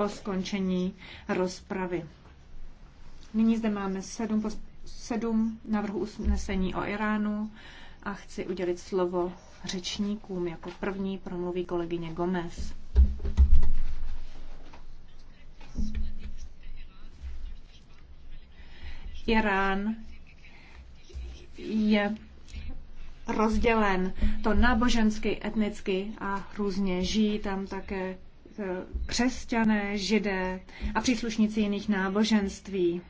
po skončení rozpravy. Nyní zde máme sedm, sedm návrhů usnesení o Iránu a chci udělit slovo řečníkům. Jako první promluví kolegyně Gomez. Irán je rozdělen to nábožensky, etnicky a různě žijí tam také křesťané, židé a příslušníci jiných náboženství.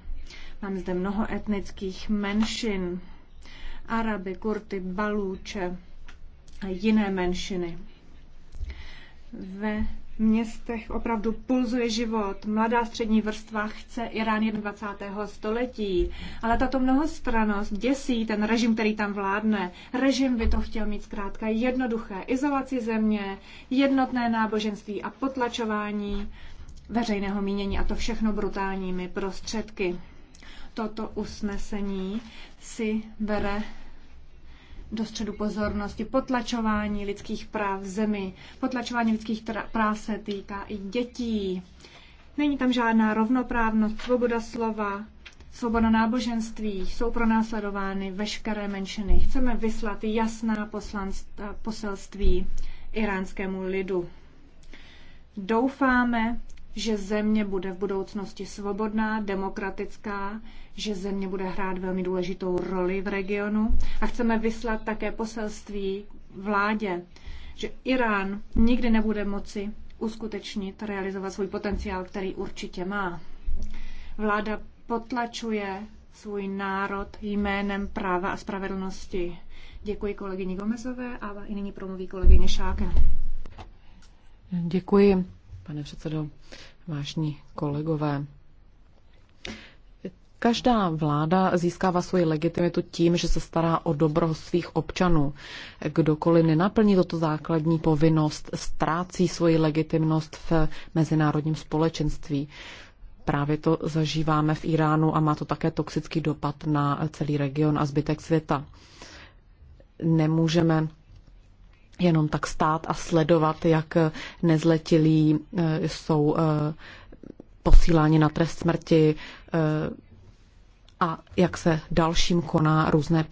Mám zde mnoho etnických menšin. Araby, Kurty, Balúče a jiné menšiny. Ve městech opravdu pulzuje život. Mladá střední vrstva chce Irán 21. století. Ale tato mnohostranost děsí ten režim, který tam vládne. Režim by to chtěl mít zkrátka jednoduché. Izolaci země, jednotné náboženství a potlačování veřejného mínění a to všechno brutálními prostředky. Toto usnesení si bere do středu pozornosti. Potlačování lidských práv v zemi, potlačování lidských práv se týká i dětí. Není tam žádná rovnoprávnost, svoboda slova, svoboda náboženství, jsou pronásledovány veškeré menšiny. Chceme vyslat jasná poselství iránskému lidu. Doufáme, že země bude v budoucnosti svobodná, demokratická, že země bude hrát velmi důležitou roli v regionu a chceme vyslat také poselství vládě, že Irán nikdy nebude moci uskutečnit, realizovat svůj potenciál, který určitě má. Vláda potlačuje svůj národ jménem práva a spravedlnosti. Děkuji kolegyni Gomezové a i nyní promluví kolegyně Šáke. Děkuji pane předsedo, vážní kolegové. Každá vláda získává svoji legitimitu tím, že se stará o dobro svých občanů. Kdokoliv nenaplní toto základní povinnost, ztrácí svoji legitimnost v mezinárodním společenství. Právě to zažíváme v Iránu a má to také toxický dopad na celý region a zbytek světa. Nemůžeme jenom tak stát a sledovat, jak nezletilí eh, jsou eh, posíláni na trest smrti eh, a jak se dalším koná různé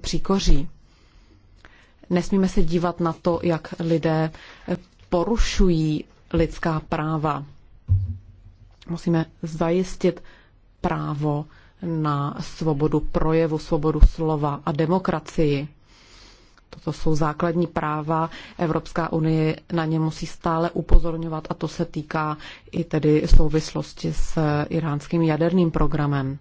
příkoří. Nesmíme se dívat na to, jak lidé porušují lidská práva. Musíme zajistit právo na svobodu projevu, svobodu slova a demokracii. Toto jsou základní práva. Evropská unie na ně musí stále upozorňovat a to se týká i tedy souvislosti s iránským jaderným programem.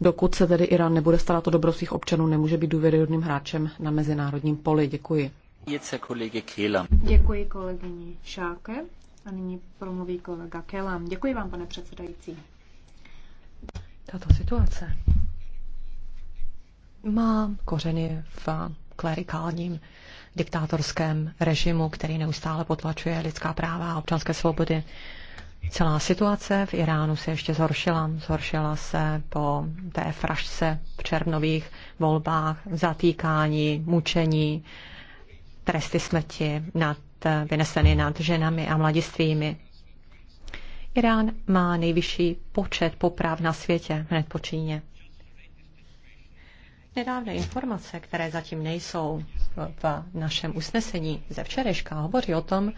Dokud se tedy Irán nebude starat o dobro svých občanů, nemůže být důvěryhodným hráčem na mezinárodním poli. Děkuji. Děkuji kolegyni Šáke a nyní promluví kolega Kelam. Děkuji vám, pane předsedající. Tato situace má kořeny v klerikálním diktátorském režimu, který neustále potlačuje lidská práva a občanské svobody. Celá situace v Iránu se ještě zhoršila. Zhoršila se po té frašce v červnových volbách, zatýkání, mučení, tresty smrti nad, vyneseny nad ženami a mladistvými. Irán má nejvyšší počet poprav na světě hned po Číně. Nedávné informace, které zatím nejsou v našem usnesení ze včerejška, hovoří o tom,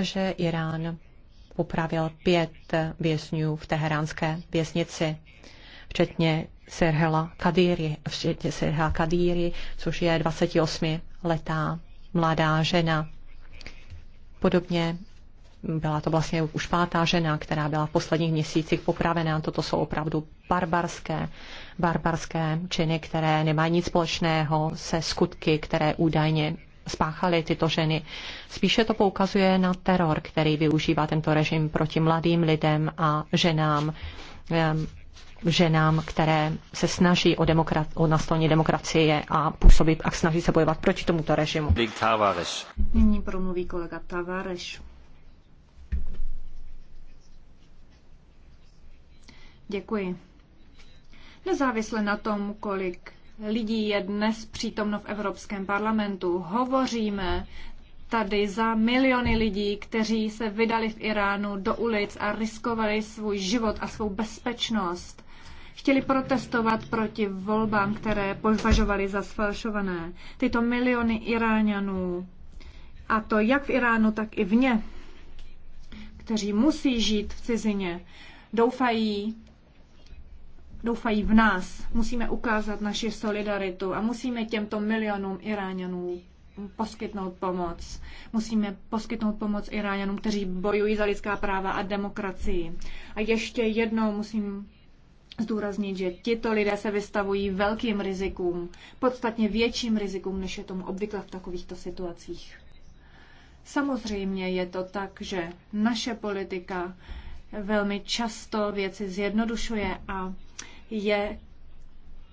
že Irán popravil pět vězňů v teheránské věznici, včetně Serhela Kadíry, včetně Serhela Kadíry, což je 28 letá mladá žena. Podobně byla to vlastně už pátá žena, která byla v posledních měsících popravená. Toto jsou opravdu barbarské, barbarské činy, které nemají nic společného se skutky, které údajně spáchaly tyto ženy. Spíše to poukazuje na teror, který využívá tento režim proti mladým lidem a ženám ženám, které se snaží o, demokrat, o nastolní demokracie a působit a snaží se bojovat proti tomuto režimu. Nyní promluví kolega Tavares. Děkuji. Nezávisle na tom, kolik lidí je dnes přítomno v Evropském parlamentu, hovoříme tady za miliony lidí, kteří se vydali v Iránu do ulic a riskovali svůj život a svou bezpečnost. Chtěli protestovat proti volbám, které považovali za sfalšované. Tyto miliony Iráňanů, a to jak v Iránu, tak i vně, kteří musí žít v cizině, doufají, doufají v nás. Musíme ukázat naši solidaritu a musíme těmto milionům Iráňanů poskytnout pomoc. Musíme poskytnout pomoc Iráňanům, kteří bojují za lidská práva a demokracii. A ještě jednou musím zdůraznit, že tito lidé se vystavují velkým rizikům, podstatně větším rizikům, než je tomu obvykle v takovýchto situacích. Samozřejmě je to tak, že naše politika velmi často věci zjednodušuje a je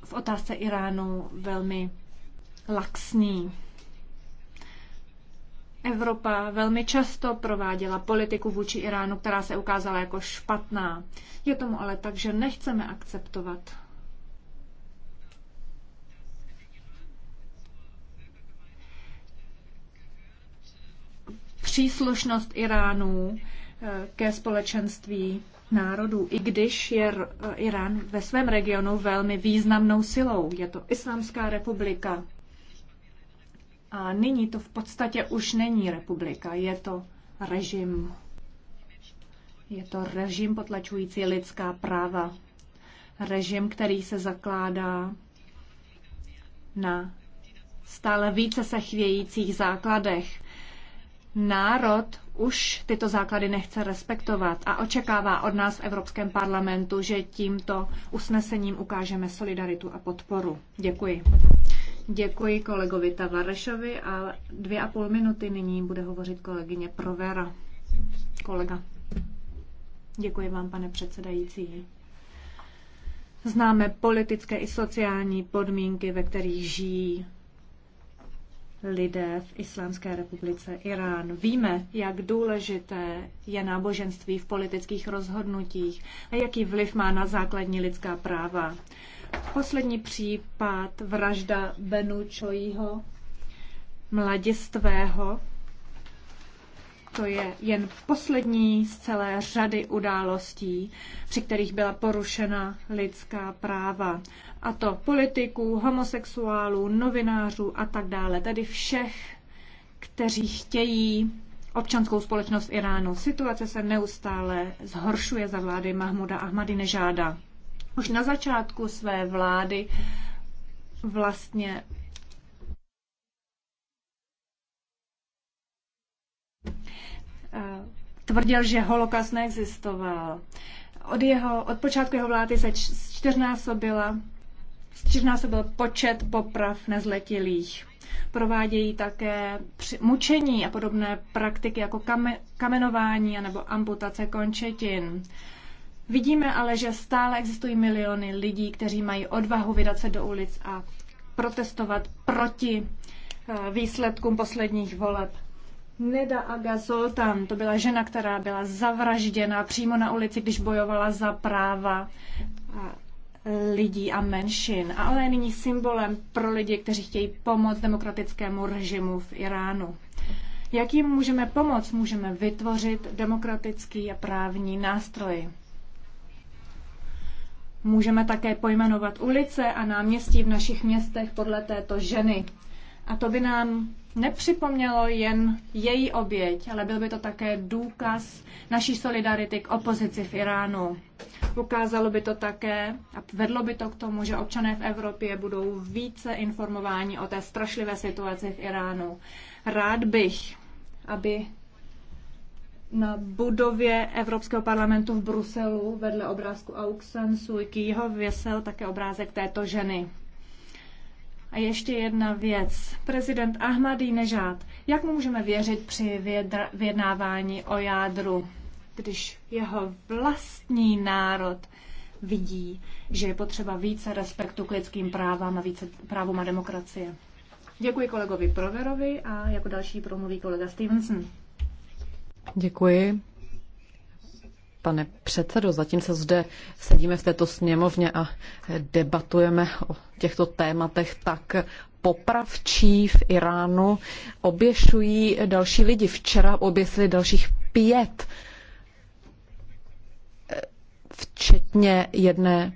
v otázce Iránu velmi laxní. Evropa velmi často prováděla politiku vůči Iránu, která se ukázala jako špatná. Je tomu ale tak, že nechceme akceptovat příslušnost Iránu ke společenství národů, i když je Irán ve svém regionu velmi významnou silou. Je to Islámská republika. A nyní to v podstatě už není republika, je to režim. Je to režim potlačující lidská práva. Režim, který se zakládá na stále více se chvějících základech. Národ už tyto základy nechce respektovat a očekává od nás v Evropském parlamentu, že tímto usnesením ukážeme solidaritu a podporu. Děkuji. Děkuji kolegovi Tavarešovi a dvě a půl minuty nyní bude hovořit kolegyně Provera. Kolega. Děkuji vám, pane předsedající. Známe politické i sociální podmínky, ve kterých žijí lidé v Islámské republice Irán. Víme, jak důležité je náboženství v politických rozhodnutích a jaký vliv má na základní lidská práva. Poslední případ vražda Benu Čojího, mladistvého, to je jen poslední z celé řady událostí, při kterých byla porušena lidská práva a to politiků, homosexuálů, novinářů a tak dále, tedy všech, kteří chtějí občanskou společnost Iránu. Situace se neustále zhoršuje za vlády Mahmuda nežáda. Už na začátku své vlády vlastně tvrdil, že holokaust neexistoval. Od, jeho, od počátku jeho vlády se čtyřnásobila Čtyřnásobil počet poprav nezletilých. Provádějí také mučení a podobné praktiky jako kamenování nebo amputace končetin. Vidíme ale, že stále existují miliony lidí, kteří mají odvahu vydat se do ulic a protestovat proti eh, výsledkům posledních voleb. Neda Aga Zoltan, to byla žena, která byla zavražděna přímo na ulici, když bojovala za práva lidí a menšin, ale je nyní symbolem pro lidi, kteří chtějí pomoct demokratickému režimu v Iránu. Jak jim můžeme pomoct? Můžeme vytvořit demokratický a právní nástroj. Můžeme také pojmenovat ulice a náměstí v našich městech podle této ženy. A to by nám nepřipomnělo jen její oběť, ale byl by to také důkaz naší solidarity k opozici v Iránu. Ukázalo by to také a vedlo by to k tomu, že občané v Evropě budou více informováni o té strašlivé situaci v Iránu. Rád bych, aby na budově Evropského parlamentu v Bruselu vedle obrázku Aung i Suu Kyiho věsel také obrázek této ženy. A ještě jedna věc. Prezident nežád. jak mu můžeme věřit při vyjednávání o jádru, když jeho vlastní národ vidí, že je potřeba více respektu k lidským právám a více právům a demokracie. Děkuji kolegovi Proverovi a jako další promluví kolega Stevenson. Děkuji pane předsedo. Zatímco zde sedíme v této sněmovně a debatujeme o těchto tématech, tak popravčí v Iránu oběšují další lidi. Včera oběsili dalších pět, včetně jedné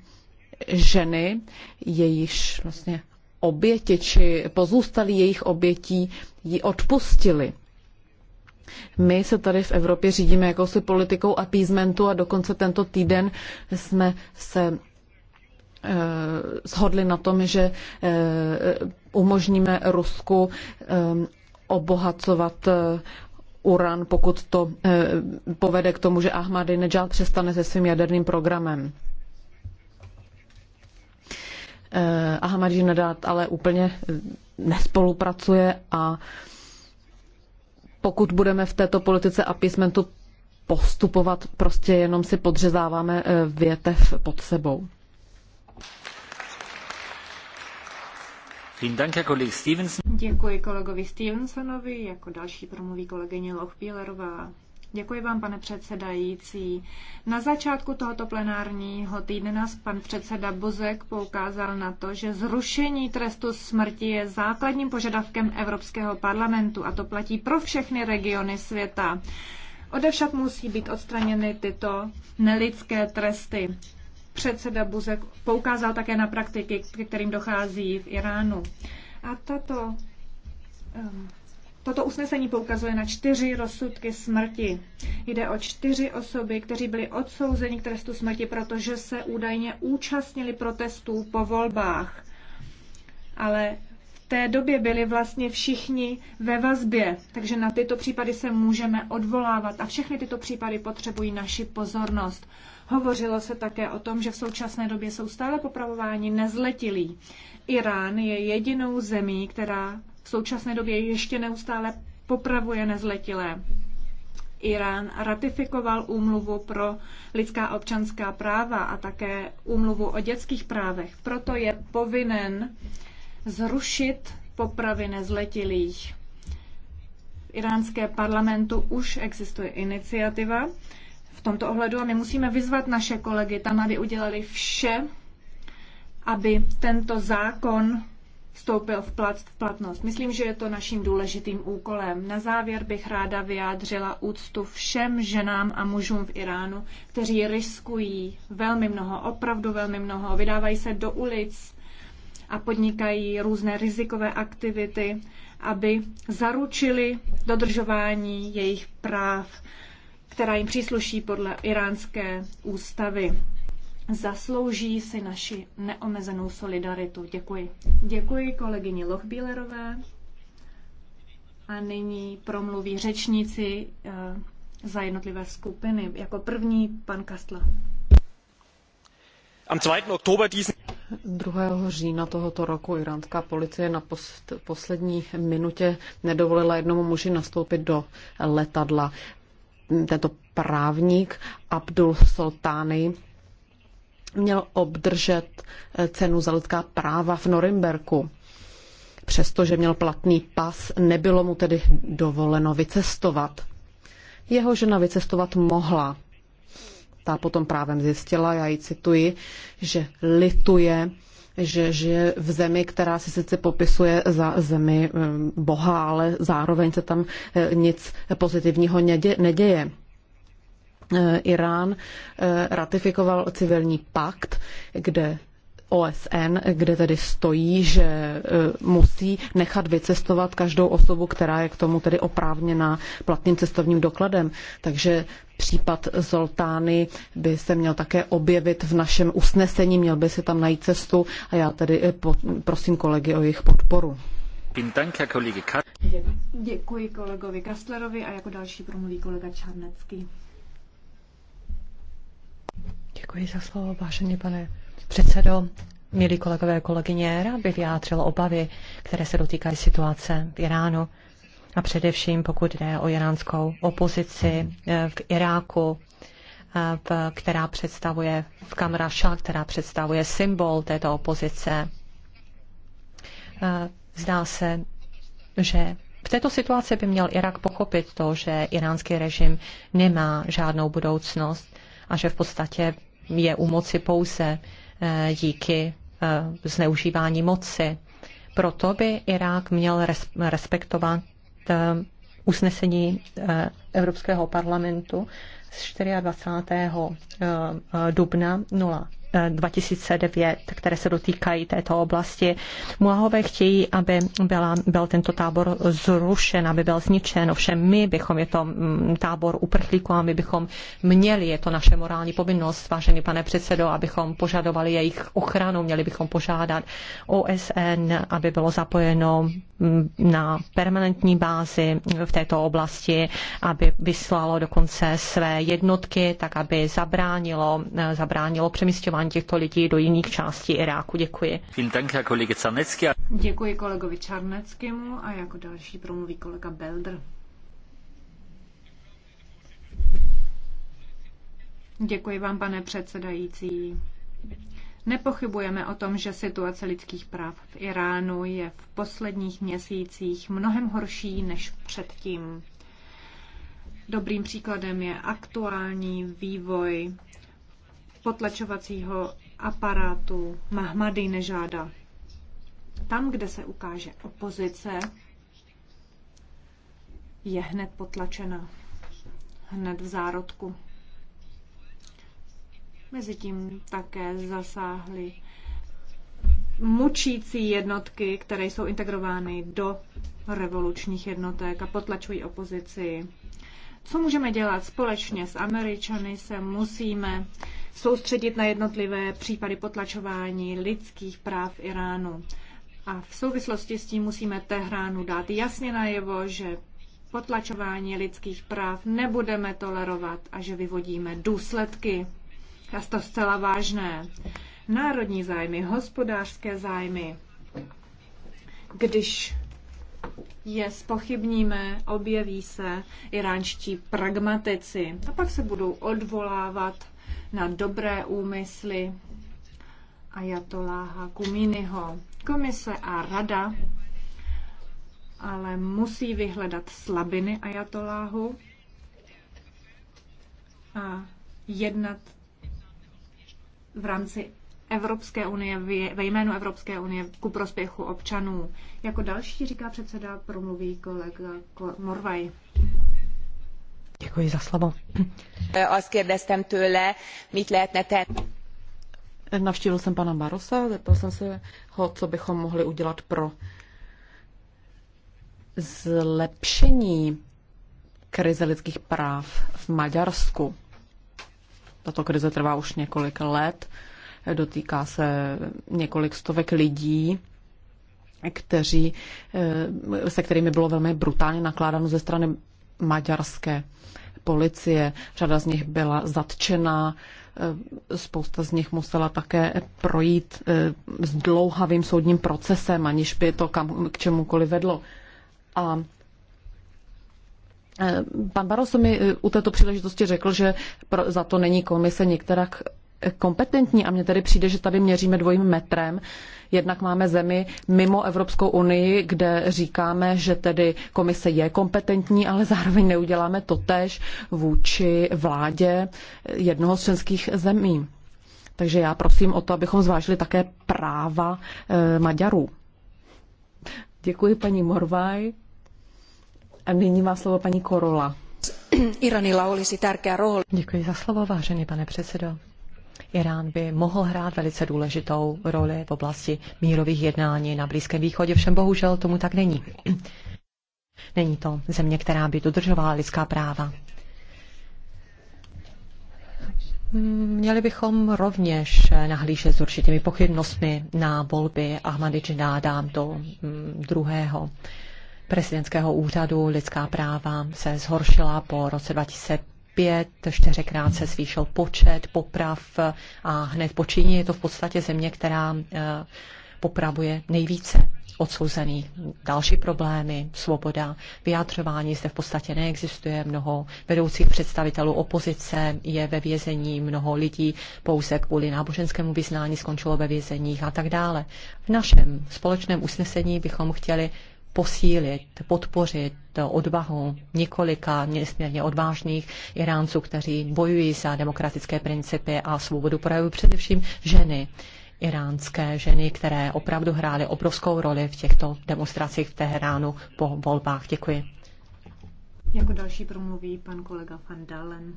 ženy, jejíž vlastně oběti či pozůstalí jejich obětí ji odpustili. My se tady v Evropě řídíme jakousi politikou appeasementu a dokonce tento týden jsme se eh, shodli na tom, že eh, umožníme Rusku eh, obohacovat uran, pokud to povede k tomu, že Ahmadinejad přestane se svým jaderným programem. Ahmadinejad ale úplně nespolupracuje a pokud budeme v této politice a písmentu postupovat, prostě jenom si podřezáváme eh, větev pod sebou. Děkuji kolegovi Stevensonovi. Jako další promluví kolegyně Lochbílerová. Děkuji vám, pane předsedající. Na začátku tohoto plenárního týdne nás pan předseda Buzek poukázal na to, že zrušení trestu smrti je základním požadavkem Evropského parlamentu a to platí pro všechny regiony světa. Odevšak musí být odstraněny tyto nelidské tresty. Předseda Buzek poukázal také na praktiky, ke kterým dochází v Iránu. A tato um, Toto usnesení poukazuje na čtyři rozsudky smrti. Jde o čtyři osoby, kteří byli odsouzeni k trestu smrti, protože se údajně účastnili protestů po volbách. Ale v té době byli vlastně všichni ve vazbě, takže na tyto případy se můžeme odvolávat a všechny tyto případy potřebují naši pozornost. Hovořilo se také o tom, že v současné době jsou stále popravováni nezletilí. Irán je jedinou zemí, která v současné době ještě neustále popravuje nezletilé. Irán ratifikoval úmluvu pro lidská občanská práva a také úmluvu o dětských právech. Proto je povinen zrušit popravy nezletilých. V iránské parlamentu už existuje iniciativa v tomto ohledu a my musíme vyzvat naše kolegy tam, aby udělali vše, aby tento zákon vstoupil v, plat, v platnost. Myslím, že je to naším důležitým úkolem. Na závěr bych ráda vyjádřila úctu všem ženám a mužům v Iránu, kteří riskují velmi mnoho, opravdu velmi mnoho, vydávají se do ulic a podnikají různé rizikové aktivity, aby zaručili dodržování jejich práv, která jim přísluší podle iránské ústavy zaslouží si naši neomezenou solidaritu. Děkuji. Děkuji kolegyni Lochbílerové. A nyní promluví řečníci eh, za jednotlivé skupiny. Jako první pan Kastla. Am 2. října tohoto roku iránská policie na poslední minutě nedovolila jednomu muži nastoupit do letadla. Tento právník Abdul Soltány měl obdržet eh, cenu za lidská práva v Norimberku. Přestože měl platný pas, nebylo mu tedy dovoleno vycestovat. Jeho žena vycestovat mohla. Ta potom právem zjistila, já ji cituji, že lituje, že žije v zemi, která si sice popisuje za zemi eh, Boha, ale zároveň se tam eh, nic pozitivního neděje. Eh, Irán eh, ratifikoval civilní pakt, kde OSN, kde tedy stojí, že eh, musí nechat vycestovat každou osobu, která je k tomu tedy oprávněna platným cestovním dokladem. Takže případ Zoltány by se měl také objevit v našem usnesení, měl by se tam najít cestu a já tedy prosím kolegy o jejich podporu. Děkuji kolegovi Kastlerovi a jako další promluví kolega Čarnecký. Děkuji za slovo, vážený pane předsedo. Milí kolegové a kolegyně, rád bych vyjádřil obavy, které se dotýkají situace v Iránu a především pokud jde o iránskou opozici eh, v Iráku, eh, v, která představuje v Kamraša, která představuje symbol této opozice. Eh, zdá se, že v této situaci by měl Irak pochopit to, že iránský režim nemá žádnou budoucnost a že v podstatě je u moci pouze eh, díky eh, zneužívání moci. Proto by Irák měl respektovat eh, usnesení Evropského parlamentu z 24. dubna 0. 2009, které se dotýkají této oblasti. Mulahové chtějí, aby byla, byl tento tábor zrušen, aby byl zničen. Ovšem my bychom, je to mm, tábor uprchlíků a my bychom měli, je to naše morální povinnost, vážený pane předsedo, abychom požadovali jejich ochranu, měli bychom požádat OSN, aby bylo zapojeno mm, na permanentní bázi v této oblasti, aby vyslalo dokonce své jednotky, tak aby zabránilo, zabránilo přemysťování vysílání těchto lidí do jiných částí Iráku. Děkuji. Děkuji kolegovi Čarneckému a jako další promluví kolega Belder. Děkuji vám, pane předsedající. Nepochybujeme o tom, že situace lidských práv v Iránu je v posledních měsících mnohem horší než předtím. Dobrým příkladem je aktuální vývoj potlačovacího aparátu Mahmady nežáda. Tam, kde se ukáže opozice, je hned potlačena, hned v zárodku. Mezitím také zasáhly mučící jednotky, které jsou integrovány do revolučních jednotek a potlačují opozici. Co můžeme dělat společně s Američany, se musíme soustředit na jednotlivé případy potlačování lidských práv Iránu. A v souvislosti s tím musíme Tehránu dát jasně najevo, že potlačování lidských práv nebudeme tolerovat a že vyvodíme důsledky. A to zcela vážné. Národní zájmy, hospodářské zájmy. Když je spochybníme, objeví se iránští pragmatici a pak se budou odvolávat na dobré úmysly Ajatoláha Kuminiho Komise a rada ale musí vyhledat slabiny Ajatoláhu a jednat v rámci Evropské unie, ve jménu Evropské unie ku prospěchu občanů. Jako další, říká předseda, promluví kolega Morvaj. Děkuji za slovo. Azt kérdeztem tőle, mit lehetne tenni. Navštívil jsem pana Barosa, zeptal jsem se ho, co bychom mohli udělat pro zlepšení krize lidských práv v Maďarsku. Tato krize trvá už několik let, dotýká se několik stovek lidí, kteří, eh, se kterými bylo velmi brutálně nakládáno ze strany maďarské policie. Řada z nich byla zatčená, eh, spousta z nich musela také projít eh, s dlouhavým soudním procesem, aniž by to kam, k čemukoliv vedlo. A eh, Pan Barroso mi u této příležitosti řekl, že za to není komise některak kompetentní a mně tedy přijde, že tady měříme dvojím metrem. Jednak máme zemi mimo Evropskou unii, kde říkáme, že tedy komise je kompetentní, ale zároveň neuděláme tež vůči vládě jednoho z členských zemí. Takže já prosím o to, abychom zvážili také práva e, Maďarů. Děkuji paní Morvaj. A nyní má slovo paní Korola. Iranilla olisi tärkeä rooli. Děkuji za slovo, vážený pane předsedo. Irán by mohl hrát velice důležitou roli v oblasti mírových jednání na Blízkém východě, všem bohužel tomu tak není. Není to země, která by dodržovala lidská práva. Měli bychom rovněž nahlížet s určitými pochybnostmi na volby Ahmadinejadáda do mm, druhého prezidentského úřadu. Lidská práva se zhoršila po roce 2000 pět, čtyřikrát se zvýšil počet poprav a hned po Číně je to v podstatě země, která eh, popravuje nejvíce odsouzený. Další problémy, svoboda, vyjadřování zde v podstatě neexistuje. Mnoho vedoucích představitelů opozice je ve vězení, mnoho lidí pouze kvůli náboženskému vyznání skončilo ve vězeních a tak dále. V našem společném usnesení bychom chtěli posílit, podpořit odvahu několika nesmírně odvážných Iránců, kteří bojují za demokratické principy a svobodu projevu, především ženy iránské ženy, které opravdu hrály obrovskou roli v těchto demonstracích v Teheránu po volbách. Děkuji. Jako další promluví pan kolega Van Dalen.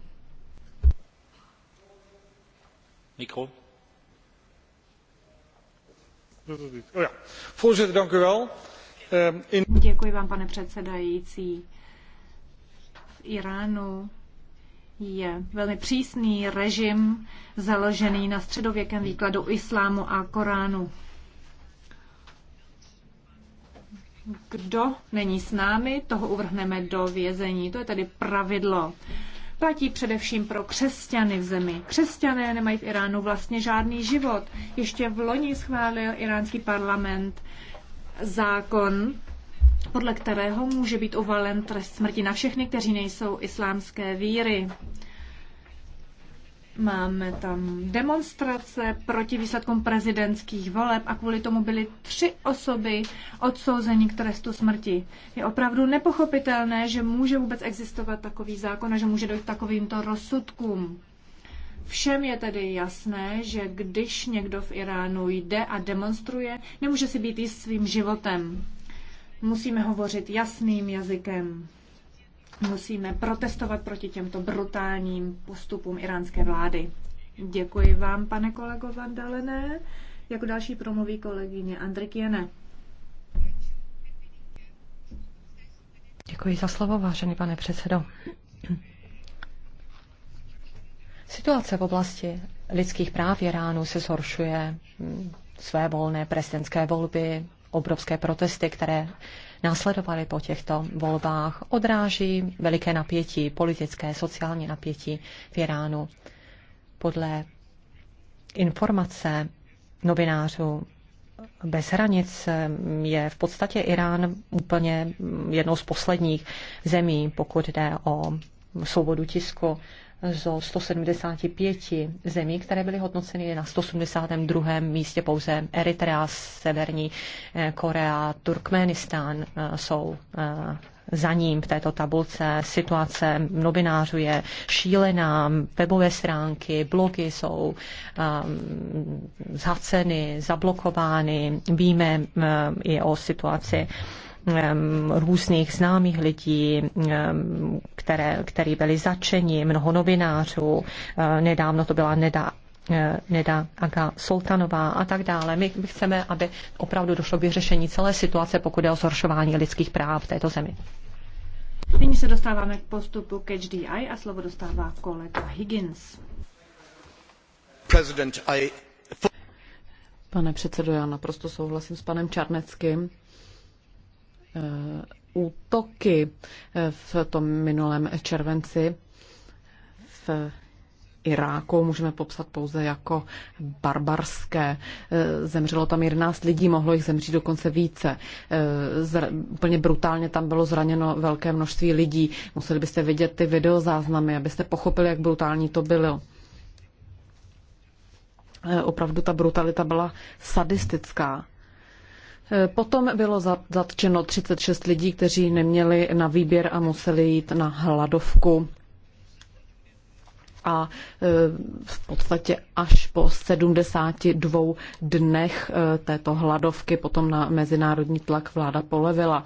Mikro. Voorzitter, dank u wel. Um, Děkuji vám, pane předsedající. V Iránu je velmi přísný režim založený na středověkém výkladu islámu a Koránu. Kdo není s námi, toho uvrhneme do vězení. To je tedy pravidlo. Platí především pro křesťany v zemi. Křesťané nemají v Iránu vlastně žádný život. Ještě v loni schválil iránský parlament zákon, podle kterého může být uvalen trest smrti na všechny, kteří nejsou islámské víry. Máme tam demonstrace proti výsledkům prezidentských voleb a kvůli tomu byly tři osoby odsouzeni k trestu smrti. Je opravdu nepochopitelné, že může vůbec existovat takový zákon a že může dojít k takovýmto rozsudkům. Všem je tedy jasné, že když někdo v Iránu jde a demonstruje, nemůže si být jist svým životem. Musíme hovořit jasným jazykem. Musíme protestovat proti těmto brutálním postupům iránské vlády. Děkuji vám, pane kolego Vandalené. Jako další promluví kolegyně Andrik Jene. Děkuji za slovo, vážený pane předsedo. Situace v oblasti lidských práv Iránu se zhoršuje. Své volné prezidentské volby, obrovské protesty, které následovaly po těchto volbách, odráží veliké napětí, politické, sociální napětí v Iránu. Podle informace novinářů bez hranic je v podstatě Irán úplně jednou z posledních zemí, pokud jde o svobodu tisku zo 175 zemí, které byly hodnoceny na 182. místě pouze Eritrea, Severní eh, Korea, Turkmenistán eh, jsou eh, za ním v této tabulce. Situace novinářů je šílená, webové stránky, blogy jsou zhaceny, zablokovány. Víme i o situaci různých známých lidí, které, které byli začeni, mnoho novinářů. Nedávno to byla nedá, e, Neda Aga Soltanová a tak dále. My chceme, aby opravdu došlo k vyřešení celé situace, pokud je o zhoršování lidských práv v této zemi. Nyní se dostáváme k postupu k HDI a slovo dostává kolega Higgins. President, I... Pane předsedo, já naprosto souhlasím s panem Čarneckým Eh, útoky eh, v tom minulém červenci v Iráku můžeme popsat pouze jako barbarské. Eh, zemřelo tam 11 lidí, mohlo jich zemřít dokonce více. Zra, úplně brutálně tam bylo zraněno velké množství lidí. Museli byste vidět ty videozáznamy, abyste pochopili, jak brutální to bylo. Opravdu ta brutalita byla sadistická. Eh, potom bylo zatčeno 36 lidí, kteří neměli na výběr a museli jít na hladovku. A eh, v podstatě až po 72 dnech eh, této hladovky potom na mezinárodní tlak vláda polevila.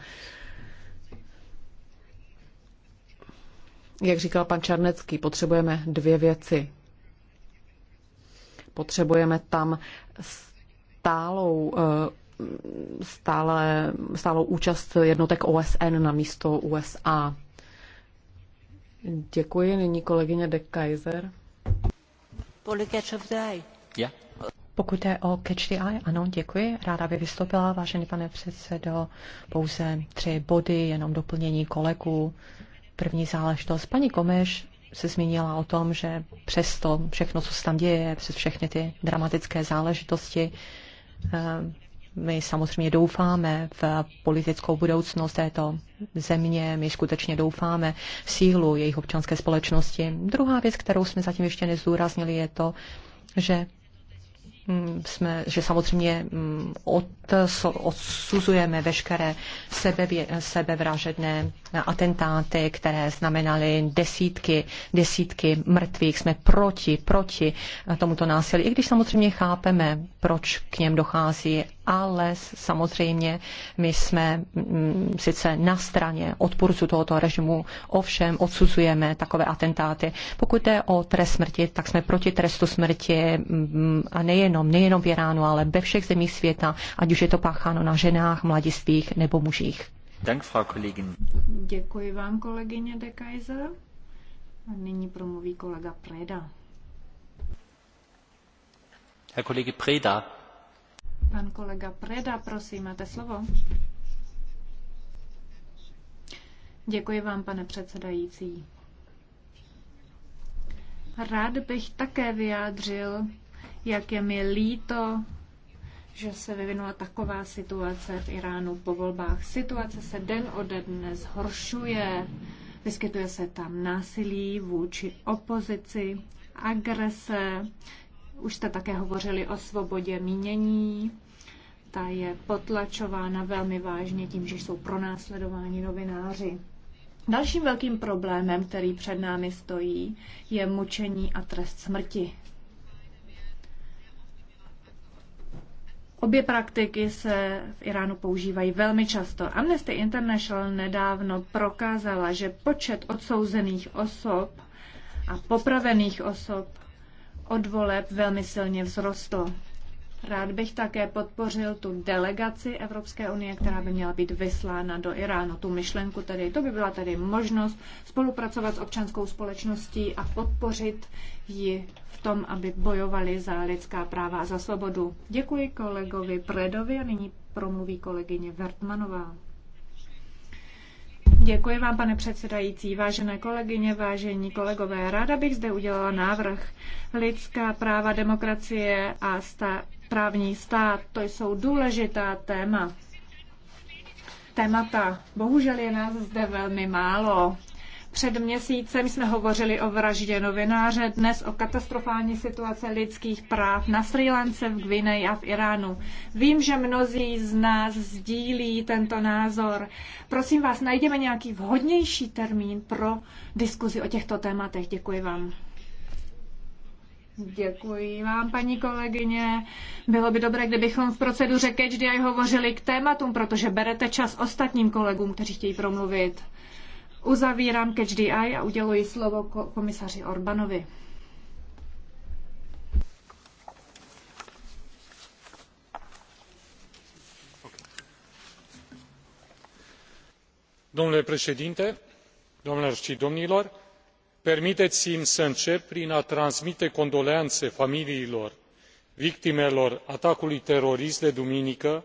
Jak říkal pan Čarnecký, potřebujeme dvě věci. Potřebujeme tam stálou stále, stálou účast jednotek OSN na místo USA. Děkuji. Nyní kolegyně De Kaiser. Pokud jde o Catch the Eye, ano, děkuji. Ráda by vystoupila, vážený pane předsedo, pouze tři body, jenom doplnění kolegů. První záležitost. Paní Komeš se zmínila o tom, že přesto všechno, co se tam děje, přes všechny ty dramatické záležitosti, eh, my samozřejmě doufáme v politickou budoucnost této země, my skutečně doufáme v sílu jejich občanské společnosti. Druhá věc, kterou jsme zatím ještě nezdůraznili, je to, že mm, jsme, že samozřejmě mm, od, odsuzujeme veškeré sebevě, sebevražedné atentáty, které znamenaly desítky, desítky mrtvých. Jsme proti, proti tomuto násilí, i když samozřejmě chápeme, proč k něm dochází ale samozřejmě my jsme mm, sice na straně odpůrců tohoto režimu, ovšem odsuzujeme takové atentáty. Pokud jde o trest smrti, tak jsme proti trestu smrti mm, a nejenom, nejenom v Iránu, ale ve všech zemích světa, ať už je to pácháno na ženách, mladistvích nebo mužích. Dank, Frau Kollegin. Děkuji vám, kolegyně de Kaiser. A nyní promluví kolega Preda. Herr Kollege Preda, Pan kolega Preda, prosím, máte slovo. Děkuji vám, pane předsedající. Rád bych také vyjádřil, jak je mi líto, že se vyvinula taková situace v Iránu po volbách. Situace se den ode dne zhoršuje, vyskytuje se tam násilí vůči opozici, agrese, už jste také hovořili o svobodě mínění. Ta je potlačována velmi vážně tím, že jsou pronásledováni novináři. Dalším velkým problémem, který před námi stojí, je mučení a trest smrti. Obě praktiky se v Iránu používají velmi často. Amnesty International nedávno prokázala, že počet odsouzených osob a popravených osob od voleb velmi silně vzrostl. Rád bych také podpořil tu delegaci Evropské unie, která by měla být vyslána do Iránu. Tu myšlenku tedy, to by byla tedy možnost spolupracovat s občanskou společností a podpořit ji v tom, aby bojovali za lidská práva a za svobodu. Děkuji kolegovi Predovi a nyní promluví kolegyně Vertmanová. Děkuji vám, pane předsedající. Vážené kolegyně, vážení kolegové, ráda bych zde udělala návrh. Lidská práva, demokracie a stá, právní stát, to jsou důležitá téma. Témata. Bohužel je nás zde velmi málo. Před měsícem jsme hovořili o vraždě novináře, dnes o katastrofální situaci lidských práv na Sri Lance, v Gvineji a v Iránu. Vím, že mnozí z nás sdílí tento názor. Prosím vás, najděme nějaký vhodnější termín pro diskuzi o těchto tématech. Děkuji vám. Děkuji vám, paní kolegyně. Bylo by dobré, kdybychom v proceduře Catch hovořili k tématům, protože berete čas ostatním kolegům, kteří chtějí promluvit. Uzavírám catch the eye a uděluji slovo komisaři Orbanovi. Domnule președinte, domnilor și domnilor, permiteți mi să încep prin a transmite condoleanțe familiilor victimelor atacului terorist de duminică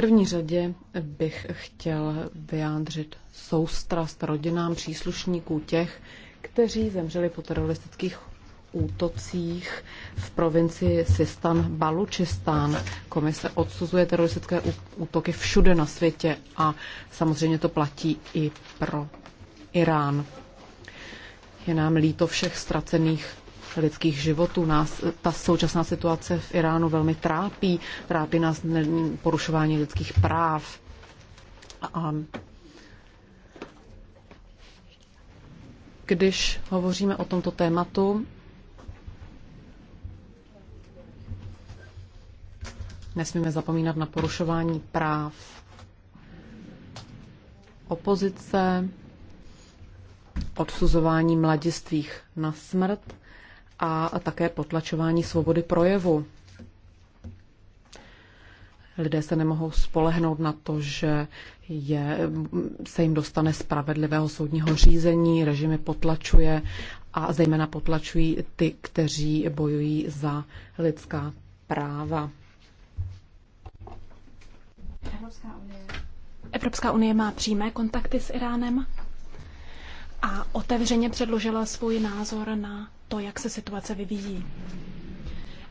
první řadě bych chtěl vyjádřit soustrast rodinám příslušníků těch, kteří zemřeli po teroristických útocích v provincii Sistan Balučistán. Komise odsuzuje teroristické útoky všude na světě a samozřejmě to platí i pro Irán. Je nám líto všech ztracených lidských životů. Nás ta současná situace v Iránu velmi trápí. Trápí nás porušování lidských práv. A když hovoříme o tomto tématu, nesmíme zapomínat na porušování práv opozice, odsuzování mladistvých na smrt a také potlačování svobody projevu. Lidé se nemohou spolehnout na to, že je, se jim dostane spravedlivého soudního řízení, režimy potlačuje a zejména potlačují ty, kteří bojují za lidská práva. Evropská unie. Evropská unie má přímé kontakty s Iránem a otevřeně předložila svůj názor na to, jak se situace vyvíjí.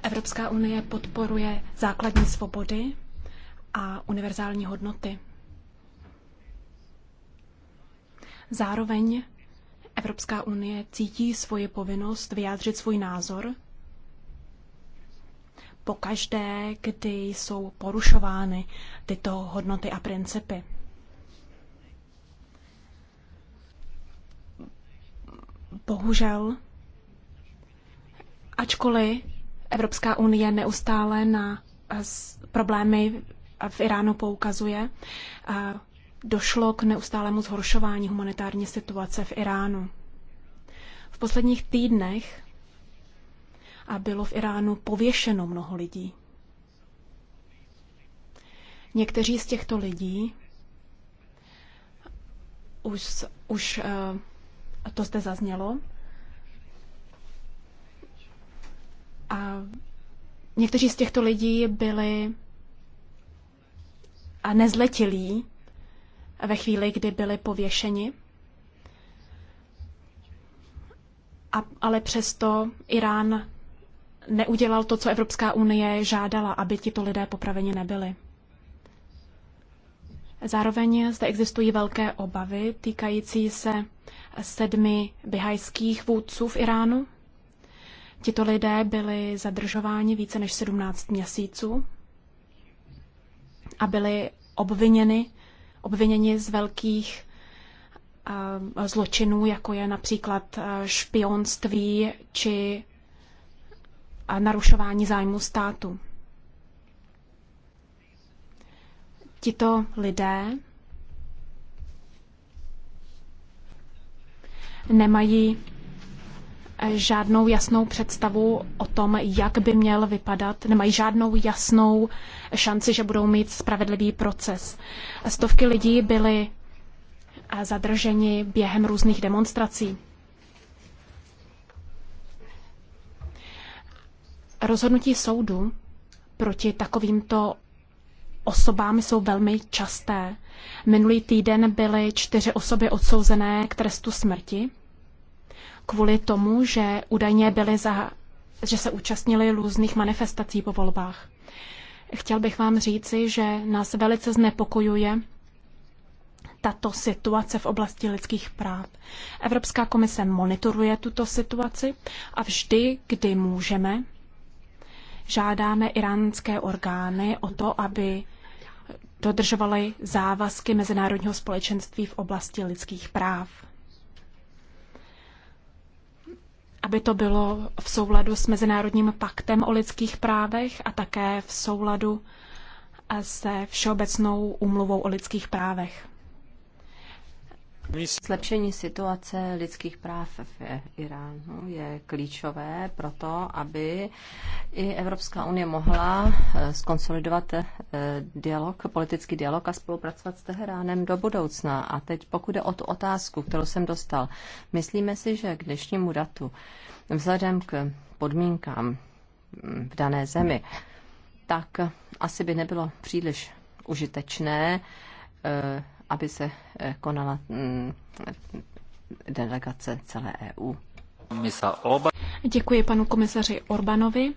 Evropská unie podporuje základní svobody a univerzální hodnoty. Zároveň Evropská unie cítí svoji povinnost vyjádřit svůj názor pokaždé, kdy jsou porušovány tyto hodnoty a principy. Bohužel Ačkoliv Evropská unie neustále na eh, problémy v Iránu poukazuje, eh, došlo k neustálému zhoršování humanitární situace v Iránu. V posledních týdnech a bylo v Iránu pověšeno mnoho lidí. Někteří z těchto lidí už, už eh, to zde zaznělo, A někteří z těchto lidí byli a nezletilí ve chvíli, kdy byli pověšeni. A, ale přesto Irán neudělal to, co Evropská unie žádala, aby tito lidé popraveni nebyli. Zároveň zde existují velké obavy týkající se sedmi bihajských vůdců v Iránu. Tito lidé byli zadržováni více než 17 měsíců a byli obviněni, obviněni z velkých eh, zločinů, jako je například eh, špionství či eh, narušování zájmu státu. Tito lidé nemají žádnou jasnou představu o tom, jak by měl vypadat, nemají žádnou jasnou šanci, že budou mít spravedlivý proces. Stovky lidí byly zadrženi během různých demonstrací. Rozhodnutí soudu proti takovýmto osobám jsou velmi časté. Minulý týden byly čtyři osoby odsouzené k trestu smrti kvůli tomu, že údajně byli za, že se účastnili různých manifestací po volbách. Chtěl bych vám říci, že nás velice znepokojuje tato situace v oblasti lidských práv. Evropská komise monitoruje tuto situaci a vždy, kdy můžeme, žádáme iránské orgány o to, aby dodržovaly závazky mezinárodního společenství v oblasti lidských práv. aby to bylo v souladu s Mezinárodním paktem o lidských právech a také v souladu se Všeobecnou úmluvou o lidských právech. Zlepšení situace lidských práv v Iránu je klíčové pro to, aby i Evropská unie mohla eh, skonsolidovat eh, dialog, politický dialog a spolupracovat s Teheránem do budoucna. A teď pokud je o tu otázku, kterou jsem dostal, myslíme si, že k dnešnímu datu, vzhledem k podmínkám mm, v dané zemi, tak asi by nebylo příliš užitečné eh, aby se eh, konala mm, delegace celé EU. Děkuji panu komisaři Orbanovi.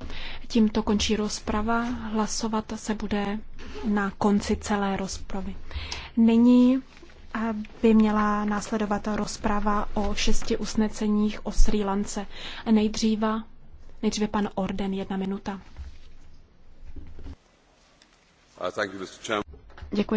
Tímto končí rozprava. Hlasovat se bude na konci celé rozpravy. Nyní eh, by měla následovat rozprava o šesti usneceních o Sri Lance. Nejdříve, nejdříve pan Orden, jedna minuta. Uh, Děkuji.